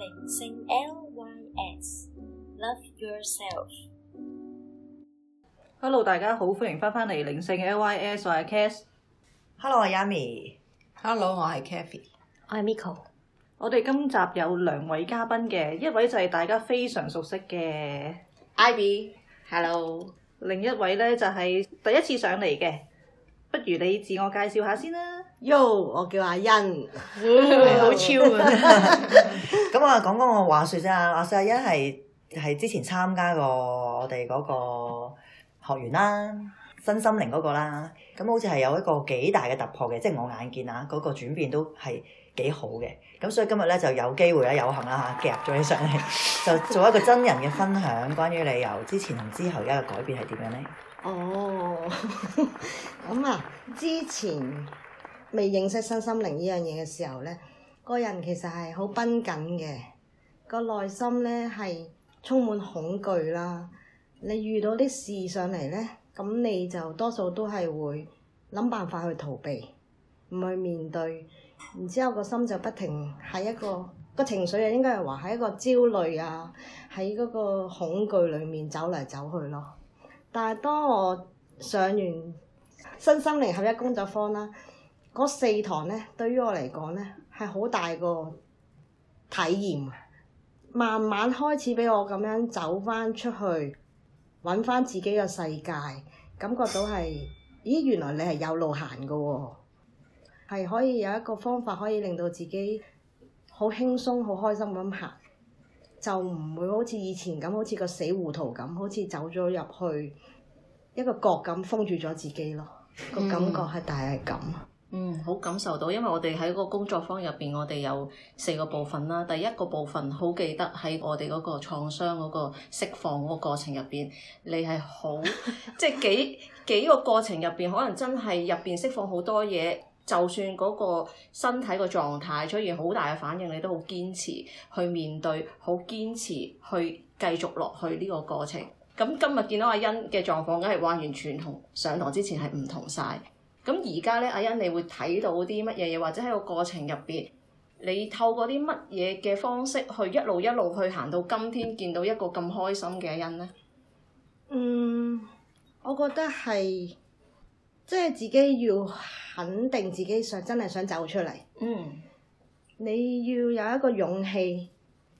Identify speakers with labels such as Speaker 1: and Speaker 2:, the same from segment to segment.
Speaker 1: 靈性 L Y S，Love Yourself。Hello，大家好，歡迎翻翻嚟靈性 L Y S，我係 Kes。Hello, Hello，我係 Yami。Hello，我係 Kathy。我係 Miko。我哋今集有兩位嘉賓嘅，一位就係大家非常熟悉嘅 Ivy。Hello。另一位咧就係第一次上嚟嘅，不如你自我介
Speaker 2: 紹下先啦。Yo，我叫阿欣，好超啊！
Speaker 3: 咁啊，講講我話説啫。啊，阿四阿一係係之前參加過我哋嗰個學員啦，身心靈嗰、那個啦，咁好似係有一個幾大嘅突破嘅，即係我眼見啊，嗰、那個轉變都係幾好嘅。咁所以今日咧就有機會咧有幸啊夾咗起上嚟，就做一個真人嘅分享，關於你由之前同之後嘅一個改變係點樣咧？
Speaker 2: 哦，咁啊，之前未認識身心靈呢樣嘢嘅時候咧。個人其實係好繃緊嘅，個內心咧係充滿恐懼啦。你遇到啲事上嚟咧，咁你就多數都係會諗辦法去逃避，唔去面對。然之後個心就不停喺一個個情緒啊，應該係話喺一個焦慮啊，喺嗰個恐懼裡面，走嚟走去咯。但係當我上完身心靈合一工作坊啦，嗰四堂咧，對於我嚟講咧～係好大個體驗，慢慢開始俾我咁樣走翻出去，揾翻自己嘅世界，感覺到係，咦，原來你係有路行嘅喎，係可以有一個方法可以令到自己好輕鬆、好開心咁行，就唔會好似以前咁，好似個死胡同咁，好似走咗入去一
Speaker 4: 個角咁封住咗自己咯，
Speaker 2: 個感覺係大係咁。嗯。
Speaker 4: 嗯，好感受到，因為我哋喺個工作坊入邊，我哋有四個部分啦。第一個部分好記得喺我哋嗰個創傷嗰個釋放嗰個過程入邊，你係好 即係幾幾個過程入邊，可能真係入邊釋放好多嘢。就算嗰個身體個狀態出現好大嘅反應，你都好堅持去面對，好堅持去繼續落去呢個過程。咁今日見到阿欣嘅狀況梗係話完全同上堂之前係唔同晒。咁而家咧，阿欣，你會睇到啲乜嘢嘢，或者喺個過程入邊，你透過啲乜嘢嘅方式去一路一路去行到今天，見到一個咁開心嘅欣咧？
Speaker 2: 嗯，我覺得係，即係自己要肯定自己想真係想走出嚟。嗯。你要有一個勇氣，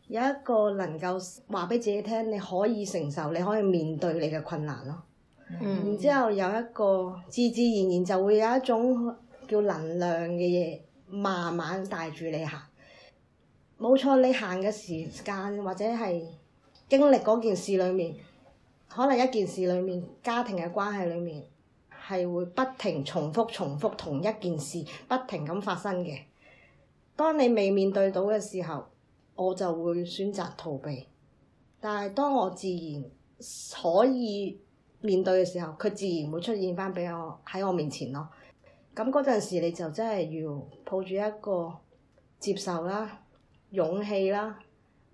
Speaker 2: 有一個能夠話俾自己聽，你可以承受，你可以面對你嘅困難咯。然之後有一個自自然然就會有一種叫能量嘅嘢，慢慢帶住你行。冇錯，你行嘅時間或者係經歷嗰件事裡面，可能一件事裡面家庭嘅關係裡面，係會不停重複重複同一件事，不停咁發生嘅。當你未面對到嘅時候，我就會選擇逃避。但係當我自然可以。面對嘅時候，佢自然會出現翻俾我喺我面前咯。咁嗰陣時，你就真係要抱住一個接受啦、勇氣啦，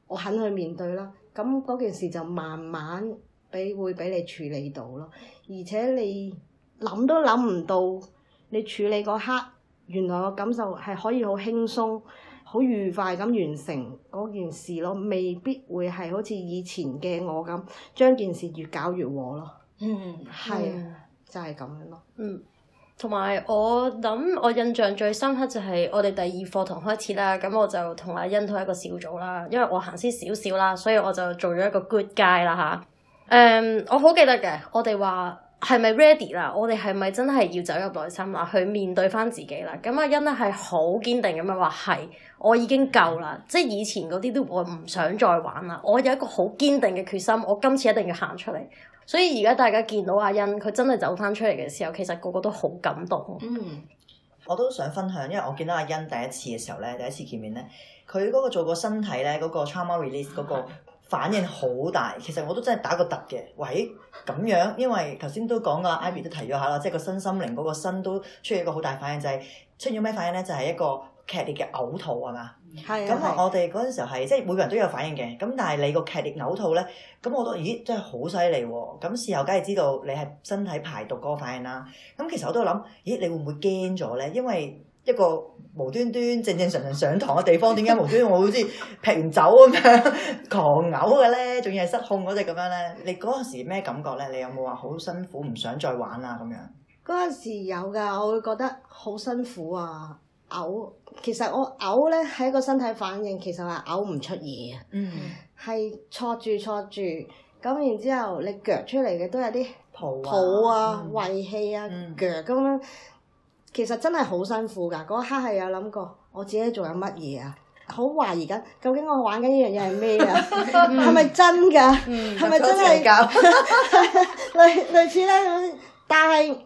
Speaker 2: 我肯去面對啦。咁嗰件事就慢慢俾會俾你處理到咯。而且你諗都諗唔到，你處理嗰刻，原來我感受係可以好輕鬆、好愉快咁完成嗰件事咯。未必會係好似以前嘅我咁，將件事越搞越和咯。嗯，係啊，就係咁樣咯。嗯，
Speaker 4: 同埋、嗯、我諗我印象最深刻就係我哋第二課堂開始啦。咁我就同阿欣同一個小組啦，因為我行先少少啦，所以我就做咗一個 good guy 啦吓。誒，um, 我好記得嘅，我哋話。係咪 ready 啦？我哋係咪真係要走入內心啦？去面對翻自己啦？咁阿欣咧係好堅定咁樣話係，我已經夠啦，即係以前嗰啲都我唔想再玩啦。我有一個好堅定嘅決心，我今次一定要行出嚟。所以而家大家見到阿欣佢真係走翻出嚟嘅時候，其實個個都好感動。嗯，
Speaker 3: 我都想分享，因為我見到阿欣第一次嘅時候咧，第一次見面咧，佢嗰個做個身體咧，嗰、嗰個 trauma release、嗰個。反應好大，其實我都真係打個突嘅，喂，咁樣，因為頭先都講過啦，Ivy 都提咗下啦，即係個身心靈嗰、那個身都出現一個好大反應，就係、是、出現咩反應呢？就係、是、一個劇烈嘅嘔吐係嘛？咁我哋嗰陣時候係即係每人都有反應嘅，咁但係你個劇烈嘔吐呢，咁我都咦，真係好犀利喎！咁事後梗係知道你係身體排毒嗰個反應啦，咁其實我都諗，咦你會唔會驚咗呢？因為。一個無端端正正常常上堂嘅地方，點解無端端我好似劈完酒咁樣 狂嘔嘅咧？仲要係失控嗰隻咁樣咧？你嗰陣時咩感覺咧？你有冇話好辛苦，唔想再玩啊咁樣？
Speaker 2: 嗰陣時有噶，我會覺得好辛苦啊！嘔，其實我嘔咧係一個身體反應，其實係嘔唔出嘢嘅，係戳住戳住，咁然之後你嘔出嚟嘅都有啲
Speaker 3: 抱抱啊、抱啊嗯、
Speaker 2: 胃氣啊、嘔咁樣。嗯嗯。其實真係好辛苦噶，嗰刻係有諗過，我自己做緊乜嘢啊？好懷疑緊，究竟我玩緊呢樣嘢係咩啊？係咪 真㗎？係咪 真係 類類似咧？但係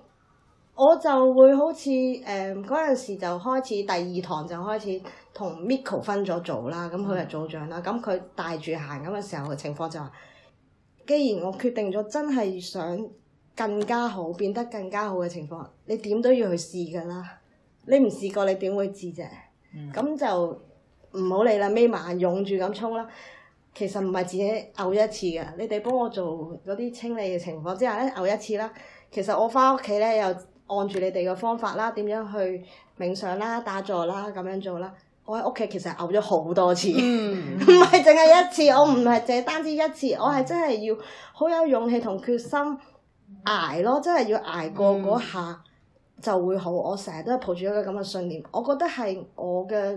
Speaker 2: 我就會好似誒嗰陣時就開始第二堂就開始同 Miko 分咗組啦，咁佢係組長啦，咁佢 帶住行咁嘅時候嘅情況就話、是，既然我決定咗真係想。更加好，變得更加好嘅情況，你點都要去試㗎啦！你唔試過，你點會知啫？咁、嗯、就唔好理啦，咪埋眼湧住咁沖啦。其實唔係自己嘔一次嘅，你哋幫我做嗰啲清理嘅情況之下咧，嘔一次啦。其實我翻屋企咧，又按住你哋嘅方法啦，點樣去冥想啦、打坐啦咁樣做啦。我喺屋企其實嘔咗好多次，唔係淨係一次。我唔係淨係單止一次，我係真係要好有勇氣同決心。捱咯，真係要捱過嗰下就會好。嗯、我成日都係抱住一個咁嘅信念，我覺得係我嘅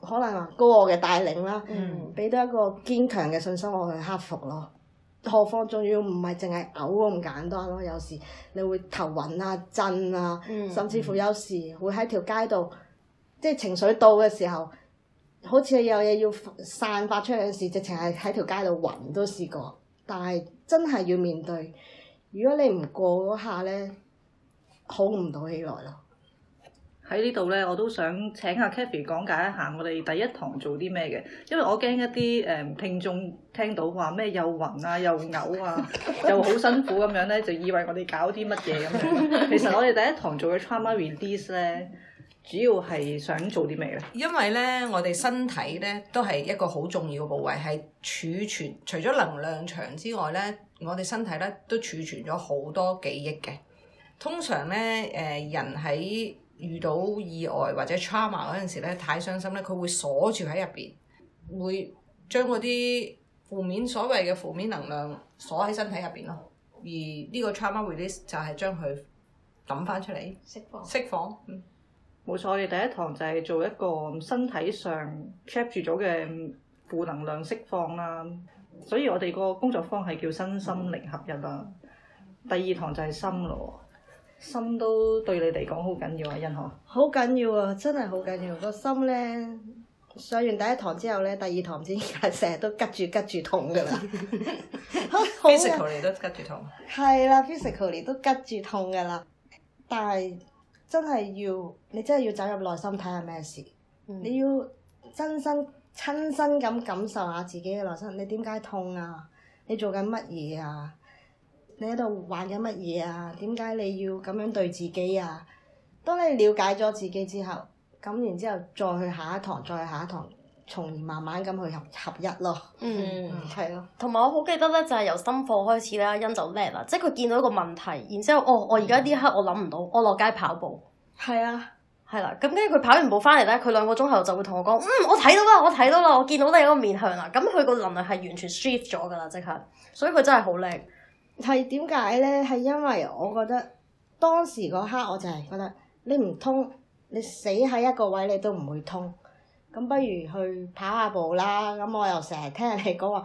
Speaker 2: 可能話高我嘅帶領啦，俾到、嗯、一個堅強嘅信心我去克服咯。何況仲要唔係淨係嘔咁簡單咯。有時你會頭暈啊、震啊，嗯、甚至乎有時會喺條街度，即係情緒到嘅時候，好似有嘢要散發出嚟嘅事，直情係喺條街度暈都試過。但係真係要面對。如果你唔過嗰下咧，好唔到起來咯。
Speaker 1: 喺呢度咧，我都想請阿 Kathy 講解一下我哋第一堂做啲咩嘅，因為我驚一啲誒、呃、聽眾聽到話咩又暈啊，又嘔啊， 又好辛苦咁樣咧，就以為我哋搞啲乜嘢咁樣。其實我哋第一堂做嘅 trauma release 咧，主要係想做啲咩咧？因為咧，我哋身體咧都係一個好重要嘅部位，係儲存除咗能量場之外咧。我哋身體咧都儲存咗好多記憶嘅，通常咧誒、呃、人喺遇到意外或者 trauma 嗰陣時咧太傷心咧，佢會鎖住喺入邊，會將嗰啲負面所謂嘅負面能量鎖喺身體入邊咯，而呢個 trauma release 就係將佢揼翻出嚟釋放，釋放，嗯、冇錯，我哋第一堂就係做一個身體上 capture 咗嘅負能量釋放啦。所以我哋個工作坊係叫身心靈合一啦。
Speaker 2: 第二堂就係心咯，心都對你嚟講好緊要啊，Yan。好緊要啊！真係好緊要、啊。個心咧，上完第一堂之後咧，第二堂先係成日都拮住拮住痛㗎啦。
Speaker 1: Physically、 啊、 都拮住
Speaker 2: 痛。係啦，Physically 都拮住痛㗎啦。但係真係要，你真係要走入內心睇下咩事。嗯、你要真心。親身咁感受下自己嘅內心，你點解痛啊？你做緊乜嘢啊？你喺度玩緊乜嘢啊？點解你要咁樣對自己啊？當你了解咗自己之後，咁然之後再去下一堂，再去下一堂，從而慢慢咁去合合一咯。嗯，
Speaker 4: 係咯、嗯。同埋、啊、我好記得咧，就係由新課開始咧，欣就叻啦，即係佢見到一個問題，嗯、然之後，哦，我而家呢刻我諗唔到，嗯、我落街跑步。係啊。係啦，咁跟住佢跑完步翻嚟咧，佢兩個鐘後就會同我講，嗯，我睇到啦，我睇到啦，我見到，到你有個面向啦。咁佢個能力係完全 shift 咗噶啦，即係，所以佢真係好叻。係
Speaker 2: 點解咧？係因為我覺得當時嗰刻，我就係覺得你唔通，你死喺一個位你都唔會通。咁不如去跑下步啦。咁我又成日聽人哋講話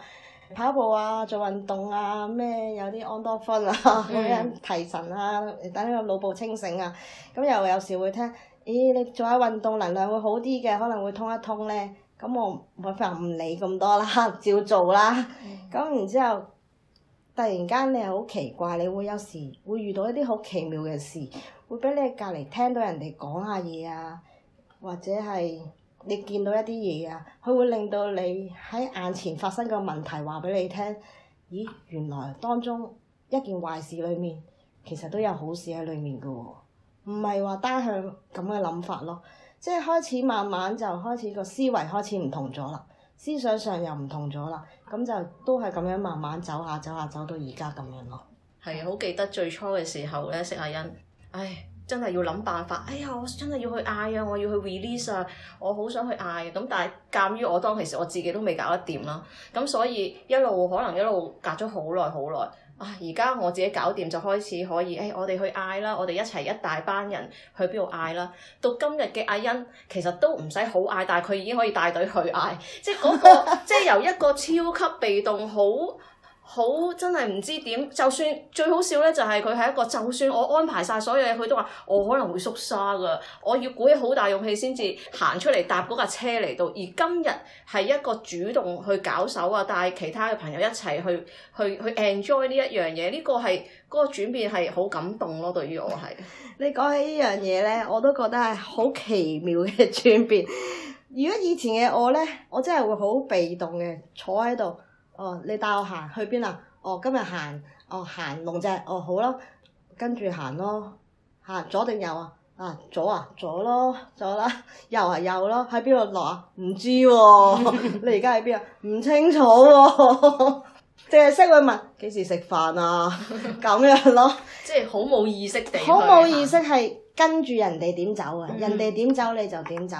Speaker 2: 跑步啊、做運動啊、咩有啲安多芬啊咁樣、嗯、提神啊，等個腦部清醒啊。咁又有時會聽。咦、哎，你做下運動，能量會好啲嘅，可能會通一通咧。咁我冇法唔理咁多啦，照做啦。咁、 嗯、然之後，突然間你係好奇怪，你會有時會遇到一啲好奇妙嘅事，會俾你隔籬聽到人哋講下嘢啊，或者係你見到一啲嘢啊，佢會令到你喺眼前發生個問題話俾你聽。咦，原來當中一件壞事裡面，其實都有好事喺裡面嘅喎。唔係話單向咁嘅諗法咯，即係開始慢慢就開始個思維開始唔同咗啦，思想上又唔同咗啦，咁就都係咁樣慢慢走下走下走，走到而家咁樣咯。
Speaker 4: 係，好記得最初嘅時候咧，識下 Yan，唉，真係要諗辦法，哎呀，我真係要去嗌啊，我要去 release 啊，我好想去嗌啊，咁但係鑑於我當其時我自己都未搞得掂啦，咁所以一路可能一路隔咗好耐好耐。啊！而家我自己搞掂就開始可以，誒、哎，我哋去嗌啦，我哋一齊一大班人去邊度嗌啦。到今日嘅阿欣，其實都唔使好嗌，但係佢已經可以帶隊去嗌，即係嗰、嗰個、 即係由一個超級被動好。好真係唔知點，就算最好笑咧，就係佢係一個，就算我安排晒所有嘢，佢都話我可能會縮沙噶，我要鼓起好大勇氣先至行出嚟搭嗰架車嚟到。而今日係一個主動去搞手啊，帶其他嘅朋友一齊去去去 enjoy 呢一樣嘢。呢個係嗰個轉變係好感動咯，對於我係。你講
Speaker 2: 起呢樣嘢咧，我都覺得係好奇妙嘅轉變。如果以前嘅我咧，我真係會好被動嘅坐喺度。哦，你、 oh, 帶我行去邊啊？哦，今日行，哦，行龍脊，哦好啦，跟住行咯。行左定右啊？啊，左啊左咯，左啦。右啊，右咯，喺邊度落啊？唔知喎，你而家喺邊啊？唔清楚喎。淨係識去問幾時食飯啊？咁樣咯，即係好冇意識地。好冇意識係跟住人哋點走啊？人哋點走你就點走。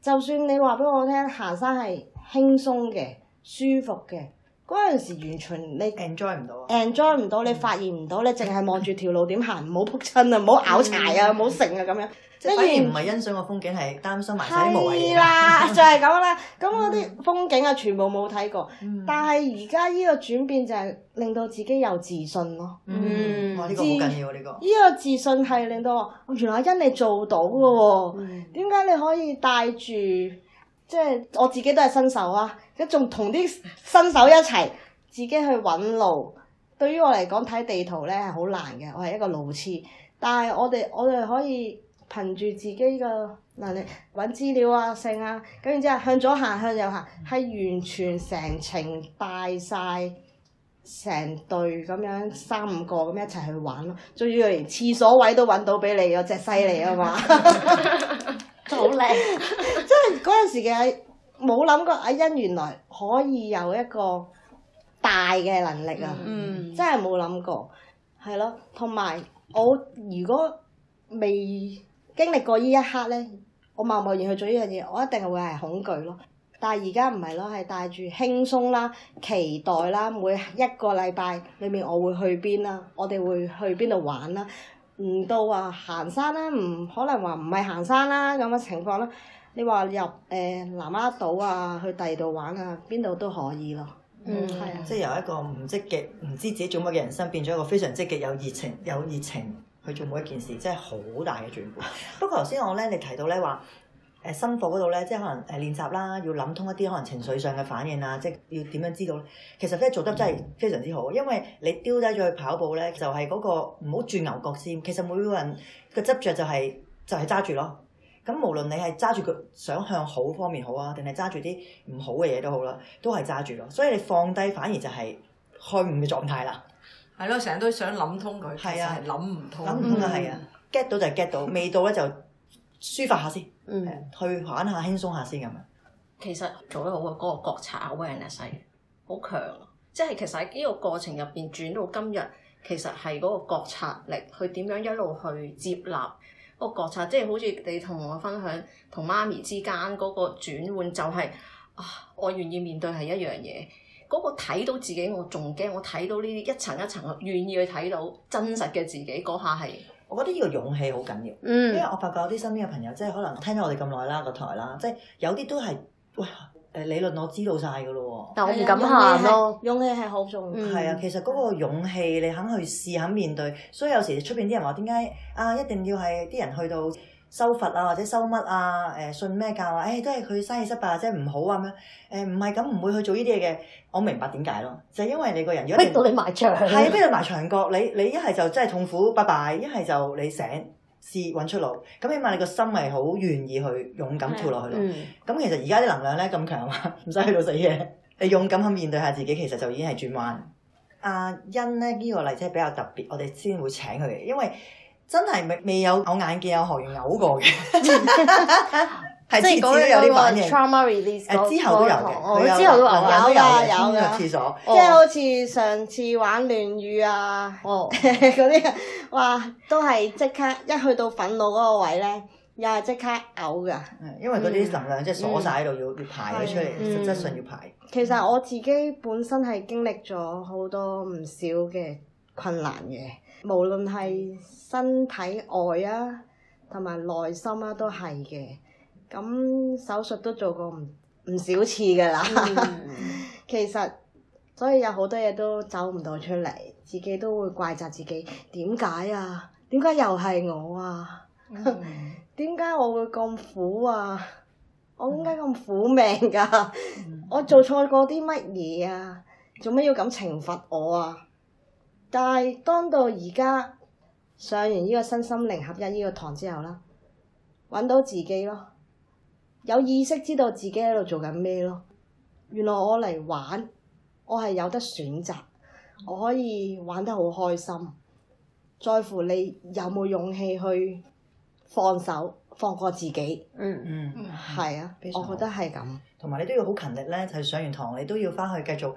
Speaker 2: 就算你話俾我聽行山係輕鬆嘅，舒服嘅。嗰陣時完全你 enjoy 唔到，enjoy 唔到，你發現唔到，你淨係望住條路點行，唔好仆親啊，唔好拗柴啊，唔好剩啊咁樣。即係反而唔係欣賞個風景，係擔心埋曬啲無謂嘢。係啦，嗯嗯 就係咁啦。咁嗰啲風景啊，全部冇睇過。但係而家呢個轉變就係令到自己有自信咯。嗯，嗯，呢、哦呢
Speaker 3: 個好
Speaker 2: 緊要呢、呢個。呢、呢個自信係令到我，原來因你做到嘅喎。點解、嗯嗯、你可以帶住？即係我自己都係新手啊，跟仲同啲新手一齊自己去揾路。對於我嚟講，睇地圖咧係好難嘅，我係一個路痴。但係我哋我哋可以憑住自己嘅能力揾資料啊剩啊，跟然之後向左行向右行，喺完全成程帶晒成隊咁樣三五個咁一齊去玩咯。仲要連廁所位都揾到俾你，有隻犀利啊嘛！ 好靚， 真係嗰陣時嘅冇諗過，阿、啊、欣原來可以有一個大嘅能力啊！Mm hmm. 真係冇諗過，係咯。同埋我如果未經歷過呢一刻咧，我貿貿然去做呢樣嘢，我一定係會係恐懼咯。但係而家唔係咯，係帶住輕鬆啦、期待啦，每一個禮拜裏面我會去邊啦？我哋會去邊度玩啦？唔到話行山啦，唔可能話唔係行山啦咁嘅情況啦。你話入誒、呃、南丫島啊，去第二度玩啊，
Speaker 3: 邊度都可以咯。嗯，係啊、
Speaker 2: 嗯。是的 即係由一
Speaker 3: 個唔積極、唔知自己做乜嘅人生，變咗一個非常積極、有熱情、有熱情去做每一件事，真係好大嘅轉變。 不過頭先我咧，你提到咧話。誒心火嗰度咧，即係可能誒練習啦，要諗通一啲可能情緒上嘅反應啊，即係要點樣知道咧？其實咧做得真係非常之好，因為你丟低咗去跑步咧，就係、是、嗰個唔好轉牛角尖。其實每個人嘅執着就係、是、就係揸住咯。咁無論你係揸住佢想向好方面好啊，定係揸住啲唔好嘅嘢都好啦，都係揸住咯。所以你放低反而就係開悟嘅狀態啦。係咯，成日都想諗通佢，係啊，諗唔通。諗唔通啊，係啊，get 到就係 get 到，未到咧就抒發下先。嗯，去玩下，輕鬆下先咁啊！其實做得好嘅嗰個覺察
Speaker 4: awareness，好強，即係其實喺呢個過程入邊轉到今日，其實係嗰個覺察力，佢點樣一路去接納嗰個覺察，即係好似你同我分享，同媽咪之間嗰個轉換，就係、是、啊，我願意面對係一樣嘢，嗰個睇到自己我仲驚，我睇到呢啲一層一層，願意去睇到真實嘅自己嗰下係。
Speaker 3: 我覺得呢個勇氣好緊要，嗯、因為我發覺我啲身邊嘅朋友，即係可能聽咗我哋咁耐啦個台啦，即係有啲都係，哇！誒理論我知道晒嘅咯喎，但我唔敢行咯。勇氣係好都重要。係啊、嗯，其實嗰個勇氣，你肯去試，肯面對，所以有時出面啲人話點解啊，一定要係啲人去到。修佛啊，或者修乜啊？誒信咩教啊？誒、哎、都係佢生意失敗即係唔好啊咩？誒唔係咁，唔會去做呢啲嘢嘅。我明白點解咯，就係、是、因為你個人要一定，逼到你埋牆。係啊，逼到你埋牆角，你你一係就真係痛苦，拜拜；一係就你醒，試揾出路。咁起碼你個心係好願意去勇敢跳落去咯。咁的、嗯、其實而家啲能量咧咁強啊，唔 使去到死嘅。你勇敢去面對下自己，其實就已經係轉彎。阿欣咧呢、這個例子係比較特別，我哋先會請佢嘅，因為。真係未未有有眼見有學員嘔過嘅，係即係講到有呢個反應。Trauma release 之後都有嘅，我之後都有嘅，有嘅。廁所即係
Speaker 2: 好似上次玩亂語啊，嗰啲話都係即刻一去到憤怒嗰個位咧，又係即刻嘔嘅。
Speaker 3: 嗯，因為嗰啲能量即係鎖晒喺度，要要排咗出嚟，即係順要排。
Speaker 2: 其實我自己本身係經歷咗好多唔少嘅困難嘅。無論係身體外啊，同埋內心啦、啊，都係嘅。咁手術都做過唔唔少次噶啦。嗯、 其實，所以有好多嘢都走唔到出嚟，自己都會怪責自己，點解啊？點解又係我啊？點解、嗯、 我會咁苦啊？我點解咁苦命㗎、啊？嗯、 我做錯過啲乜嘢啊？做乜要咁懲罰我啊？但係，當到而家上完呢個身心靈合一呢個堂之後啦，揾到自己咯，有意識知道自己喺度做緊咩咯。原來我嚟玩，我係有得選擇，我可以玩得好開心。在乎你有冇勇氣去放手，放
Speaker 3: 過自己。嗯嗯，係、嗯、啊，我覺得係咁。同埋你都要好勤力咧，就係上完堂你都要翻去繼續。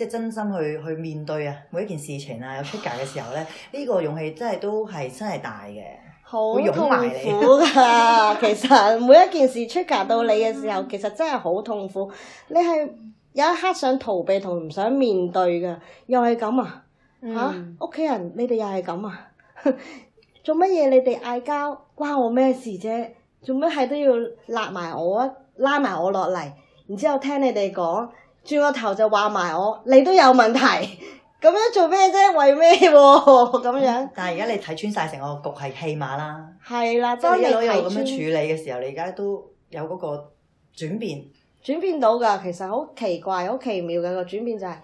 Speaker 3: 即係真心去去面對啊！每一件事情啊有出格嘅時候咧，呢 個勇氣真係都係真係大嘅。好痛苦啊！
Speaker 2: 其實每一件事出格到你嘅時候， 其實真係好痛苦。你係有一刻想逃避同唔想面對嘅，又係咁啊嚇！屋企人你哋又係咁啊？嗯、啊啊 做乜嘢你哋嗌交？關我咩事啫？做乜嘢都要揦埋我，拉埋我落嚟，然之後，後聽你哋講。轉個頭就話埋我，你都有問題，咁樣做咩啫？為咩喎？咁
Speaker 3: 樣、嗯。但係而家你睇穿晒成個局係戲碼啦。
Speaker 2: 係啦，當你又咁樣處理
Speaker 3: 嘅時候，穿你而家都有嗰個轉變。
Speaker 2: 轉變到噶，其實好奇怪、好奇妙嘅、個轉變就係，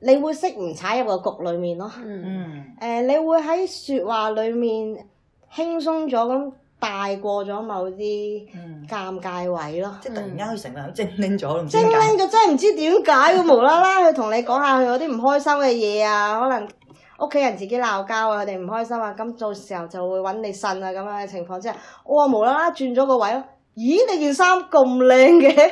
Speaker 2: 你會識唔踩入個局裏面咯。嗯。誒、呃，你會喺說話裏面輕鬆咗咁。大過咗某啲尷尬位咯，嗯、即係突然間佢成個人
Speaker 3: 精靈咗。精靈咗
Speaker 2: 真係唔知點解，佢 無啦啦去同你講下佢有啲唔開心嘅嘢啊，可能屋企人自己鬧交啊，佢哋唔開心啊，咁到時候就會揾你呻啊，咁樣嘅情況之下，我話無啦啦轉咗個位咯，咦你件衫咁靚嘅，你，的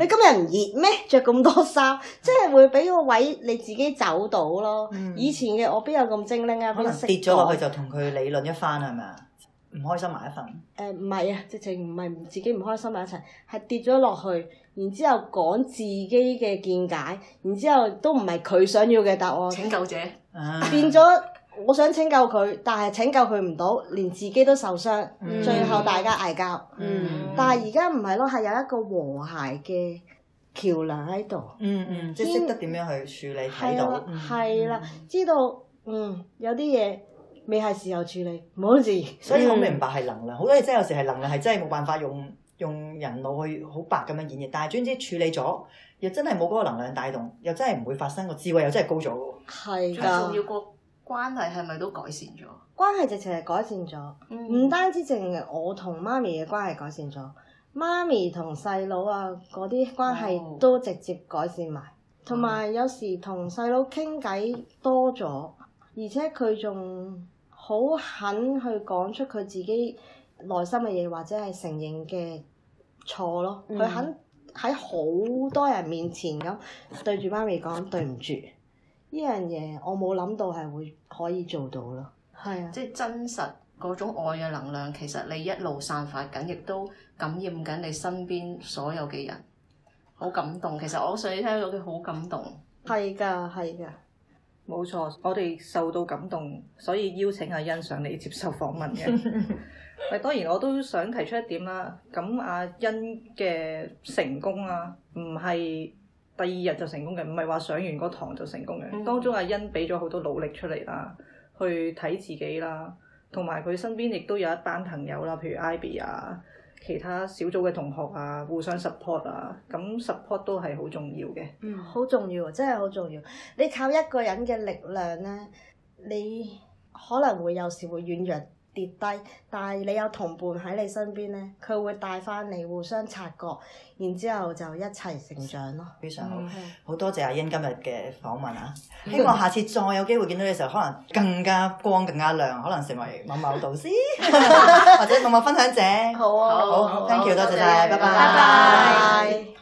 Speaker 2: 你今日唔熱咩？着咁多衫，即係會俾個位你自己走到咯。嗯、以前嘅我邊有咁精靈啊？可能跌咗落去就
Speaker 3: 同佢理論一番係咪啊？是唔
Speaker 2: 開心埋一份？誒唔係啊，直情唔係唔自己唔開心埋一齊，係跌咗落去，然之後講自己嘅見解，然之後都唔係佢想要嘅答案。拯救者、啊、變咗，我想拯救佢，但係拯救佢唔到，連自己都受傷，嗯、最後大家嗌交。嗯嗯、但係而家唔係咯，係有一個和諧嘅橋梁喺度。嗯
Speaker 3: 嗯，即係識得點樣去處理喺度。
Speaker 2: 係啦天，知道、啊、 嗯，有啲嘢。 未係
Speaker 3: 時候處理，冇事。所以我明白係能量， 好多嘢真係有時係能量，係真係冇辦法用用人腦去好白咁樣演繹。但係總之處理咗，又真係冇嗰個能量帶動，又真係唔會發生。個智慧又真係高咗。係噶的，仲重要
Speaker 4: 個關係係
Speaker 2: 咪都改善咗？關係直情係改善咗，唔、嗯、單止淨係我同媽咪嘅關係改善咗，媽咪同細佬啊嗰啲關係都直接改善埋。同埋、哦嗯、有，有時同細佬傾偈多咗，而且佢仲。好肯去講出佢自己內心嘅嘢，或者係承認嘅錯咯。佢、嗯、肯喺好多人面前咁對住媽咪講對唔住，
Speaker 4: 呢樣嘢我冇諗到係會可以做到咯。係啊，即係真實嗰種愛嘅能量，其實你一路散發緊，亦都感染緊你身邊所有嘅人，好感動。其實我上次聽到佢好感動。係噶，係噶。冇錯，我哋受到感動，
Speaker 1: 所以邀請阿欣上嚟接受訪問嘅。係。 當然，我都想提出一點啦。咁阿欣嘅成功啦，唔係第二日就成功嘅，唔係話上完個堂就成功嘅。Mm hmm. 當中阿欣俾咗好多努力出嚟啦，去睇自己啦，同埋佢身邊亦都有一班朋友啦，譬如 Ivy 啊。其他小組嘅同學啊，互相 support 啊，咁 support 都係好重要嘅。
Speaker 2: 嗯，好重要啊，真係好重要。你靠一個人嘅力量咧，啊，你可能會有時會軟弱。跌低，但係你有同伴喺你身邊咧，佢
Speaker 3: 會帶翻你互相察覺，然之後就一齊成長咯。非常好，好多謝阿欣今日嘅訪問啊！希望下次再有機會見到你嘅時候，可能更加光更加亮，可能成為某某導師或者某某分享者。好啊，好，thank you，多謝晒，拜拜。